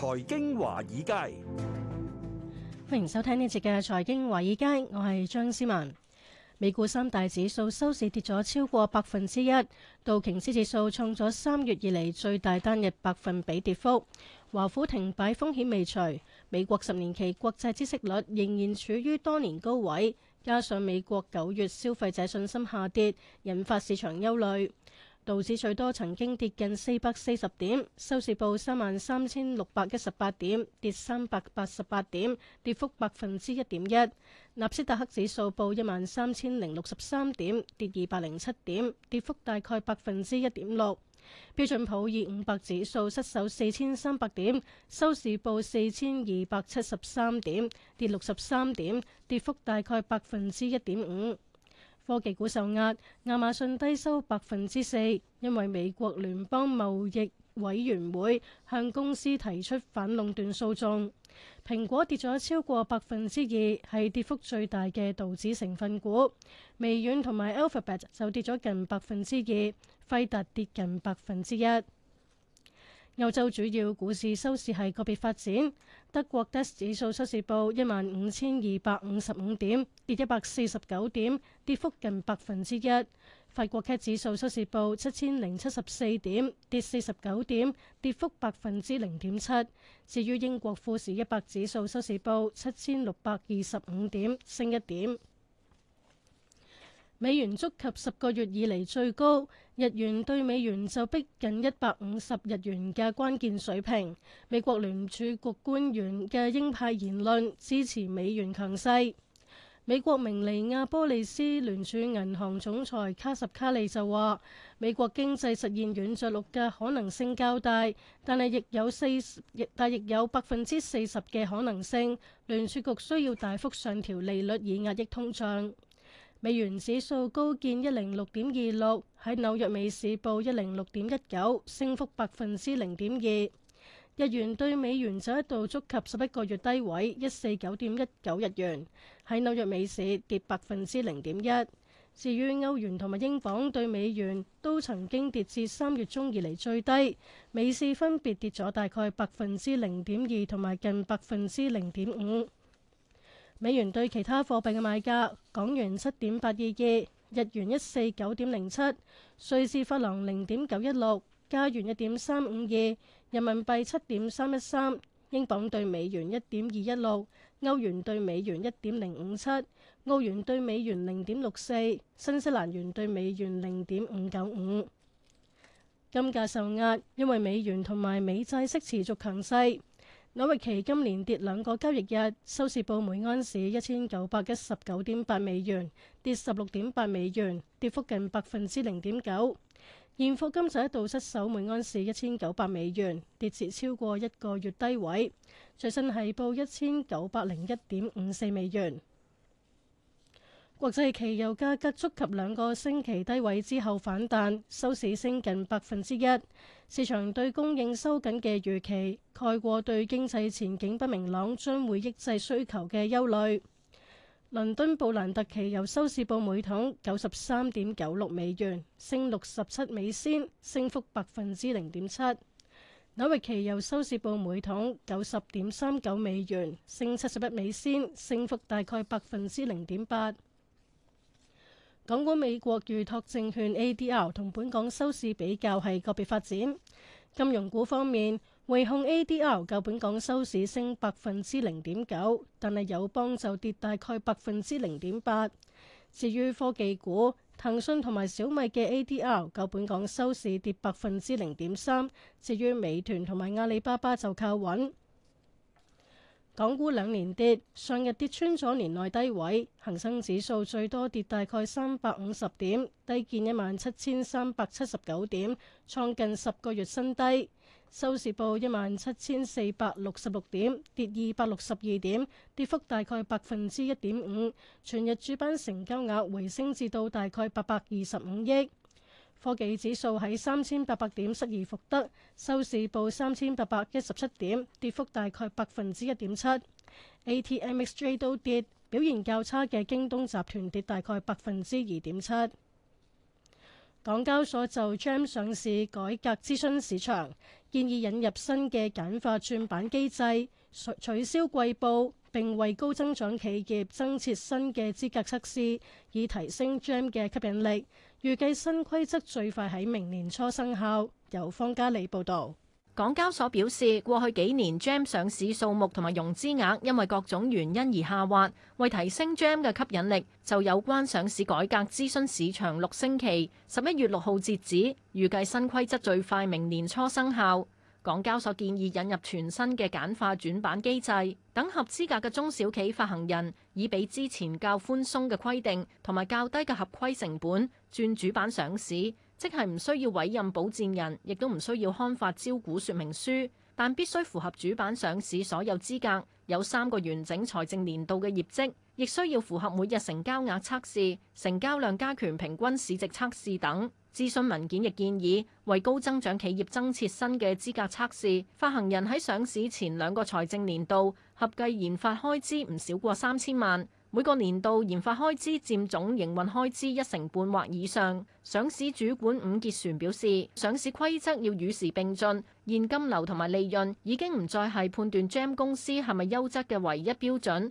財經華爾街，歡迎收聽呢節嘅財經華爾街，我係張思文。美股三大指數收市跌咗超過百分之一，道瓊斯指數創咗三月以嚟最大單日百分比跌幅。華府停擺風險未除，美國十年期國債息率仍然處於多年高位，加上美國九月消費者信心下跌，引發市場憂慮。道指最多曾經跌近四百四十點，收市報三萬三千六百一十八點，跌三百八十八點，跌幅百分之一點一。納斯達克指數報一萬三千零六十三點，跌二百零七點，跌幅大概百分之一點六。標準普爾五百指數失守四千三百點，收市報四千二百七十三點，跌六十三點，跌幅大概百分之一點五。科技股受壓，亞馬遜低收百分之四，因為美國聯邦貿易委員會向公司提出反壟斷訴訟。蘋果跌咗超過百分之二，係跌幅最大嘅道指成分股。微軟同埋 Alphabet 就跌咗近百分之二，輝達跌近百分之一。歐洲主要股市收市係個別發展，德國 DAX 指數收市報一萬五千二百五十五點，跌一百四十九點，跌幅近百分之一。法國 CAC 指數收市報七千零七十四點，跌四十九點，跌幅百分之零點七。至於英國富時一百指數收市報七千六百二十五點，升一點。美元觸及十個月以嚟最高。日元對美元就逼近一百五十日元嘅關鍵水平。美國聯儲局官員嘅鷹派言論支持美元強勢。美國明尼亞波利斯聯儲銀行總裁卡什卡利就話：美國經濟實現軟著陸嘅可能性較大，但係亦有四，但亦有百分之四十嘅可能性，聯儲局需要大幅上調利率以壓抑通脹。美元指數高見一零六點二六，喺紐約美市報一零六點一九，升幅百分之零點二。日元對美元就一度觸及十一個月低位一四九點一九日元，喺紐約美市跌百分之零點一。至於歐元同埋英鎊對美元都曾經跌至三月中以嚟最低，美市分別跌咗大概百分之零點二同埋近百分之零點五。美元對其他貨幣嘅賣價：港元七點八二二，日元一四九點零七，瑞士法郎零點九一六，加元一點三五二，人民幣七點三一三，英鎊對美元一點二一六，歐元對美元一點零五七，澳元對美元零點六四，新西蘭元對美元零點五九五。金價受壓，因為美元同埋美債息持續強勢。紐約期金連跌兩個交易日，收市報每安士一千九百一十九點八美元，跌十六點八美元，跌幅近百分之零點九。現貨金就一度失守每安士一千九百美元，跌至超過一個月低位，最新係報一千九百零一點五四美元。國際期油價格觸及兩個星期低位之後反彈，收市升近百分之一。市場對供應收緊嘅預期蓋過對經濟前景不明朗將會抑制需求嘅憂慮。倫敦布蘭特期油收市報每桶九十三點九六美元，升六十七美仙，升幅百分之零點七。紐約期油收市報每桶九十點三九美元，升七十一美仙，升幅大概百分之零點八。港股、美國預託證券 ADR 同本港收市比較係個別發展。金融股方面，匯控 ADR 較本港收市升百分之零點九，但係友邦就跌大概百分之零點八。至於科技股，騰訊同埋小米嘅 ADR 較本港收市跌百分之零點三。至於美團同埋阿里巴巴就靠穩。港股兩年跌，上日跌穿咗年內低位，恒生指數最多跌大概三百五十點，低見一萬七千三百七十九點，創近十個月新低。收市報一萬七千四百六十六點，跌二百六十二點，跌幅大概百分之一點五。全日主板成交額回升至到大概八百二十五億。科技指數喺三千八百點失而復得，收市報三千八百一十七點，跌幅大概百分之一點七。ATMXJ 都跌，表現較差嘅京東集團跌大概百分之二點七。港交所就 Gem 上市改革諮詢市場，建議引入新嘅簡化轉板機制，取消季報，並為高增長企業增設新嘅資格測試，以提升 Gem 嘅吸引力。預計新規則最快喺明年初生效。由方家莉報道，港交所表示，過去幾年 GEM 上市數目同埋融資額因為各種原因而下滑，為提升 GEM 嘅吸引力，就有關上市改革諮詢市場六星期，十一月六號截止，預計新規則最快明年初生效。港交所建議引入全新嘅簡化轉板機制，等合資格嘅中小企發行人，以比之前較寬鬆嘅規定同埋較低嘅合規成本轉主板上市，即係唔需要委任保薦人，亦都唔需要刊發招股說明書。但必須符合主板上市所有資格，有三個完整財政年度嘅業績，亦需要符合每日成交額測試、成交量加權平均市值測試等。諮詢文件亦建議為高增長企業增設新嘅資格測試，發行人喺上市前兩個財政年度合計研發開支唔少過三千萬。每個年度研發開支佔總營運開支一成半或以上，上市主管伍潔璇表示，上市規則要與時並進，現金流同埋利潤已經唔再係判斷 GEM 公司係咪優質嘅唯一標準。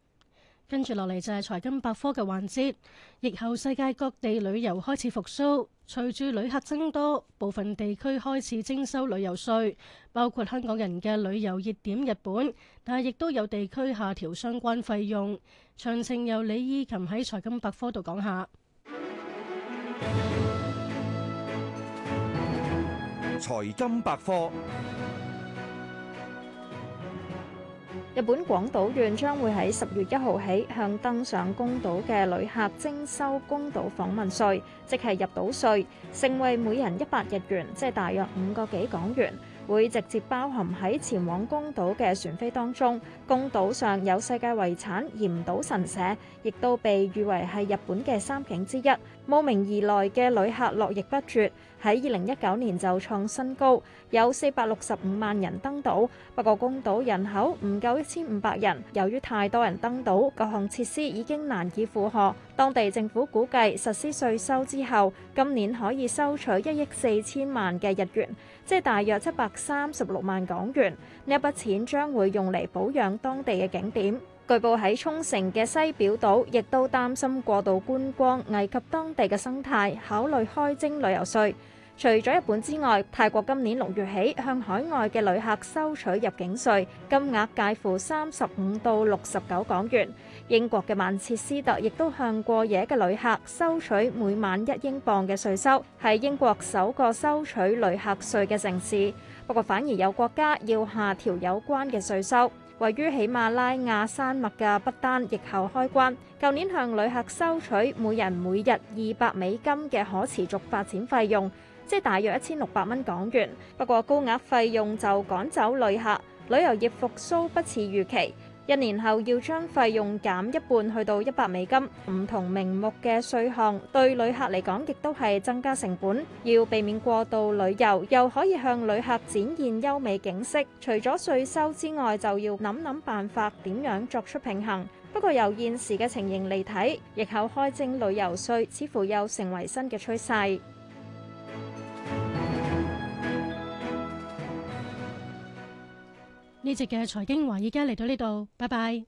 跟住落嚟就係財金百科嘅環節。疫後世界各地旅遊開始復甦，隨住旅客增多，部分地區開始徵收旅遊稅，包括香港人嘅旅遊熱點日本，但係亦都有地區下調相關費用。詳情由李依琴喺財金百科度講下。財金百科。日本廣島縣將會喺十月一號起向登上宮島嘅旅客徵收宮島訪問稅，即係入島稅，盛惠每人一百日元，即係大約五個幾港元，會直接包含喺前往宮島嘅船飛當中。宮島上有世界遺產嚴島神社，亦都被譽為係日本嘅三景之一，慕名而來嘅旅客絡繹不絕。喺二零一九年就創新高，有四百六十五萬人登島，不過公島人口唔夠一千五百人。由於太多人登島，各項設施已經難以負荷。當地政府估計實施稅收之後，今年可以收取一億四千萬嘅日元，即係大約七百三十六萬港元。呢一筆錢將會用嚟保養當地嘅景點。據報喺沖繩嘅西表島，亦都擔心過度觀光危及當地嘅生態，考慮開徵旅遊稅。除咗日本之外，泰國今年六月起向海外嘅旅客收取入境稅，金額介乎三十五到六十九港元。英國嘅曼徹斯特亦都向過夜嘅旅客收取每晚一英鎊嘅稅收，係英國首個收取旅客稅嘅城市。不過，反而有國家要下調有關嘅稅收。位於喜馬拉雅山脈嘅不丹，疫後開關，舊年向旅客收取每人每日二百美金嘅可持續發展費用，即係大約一千六百蚊港元。不過，高額費用就趕走旅客，旅遊業復甦不似預期。一年後要將費用減一半，去到一百美金。唔同名目嘅稅項對旅客嚟講，亦都係增加成本。要避免過度旅遊，又可以向旅客展現優美景色。除咗稅收之外，就要諗諗辦法點樣作出平衡。不過由現時嘅情形嚟睇，逆後開徵旅遊稅似乎又成為新嘅趨勢。呢節嘅財經華爾街，而家嚟到呢度，拜拜。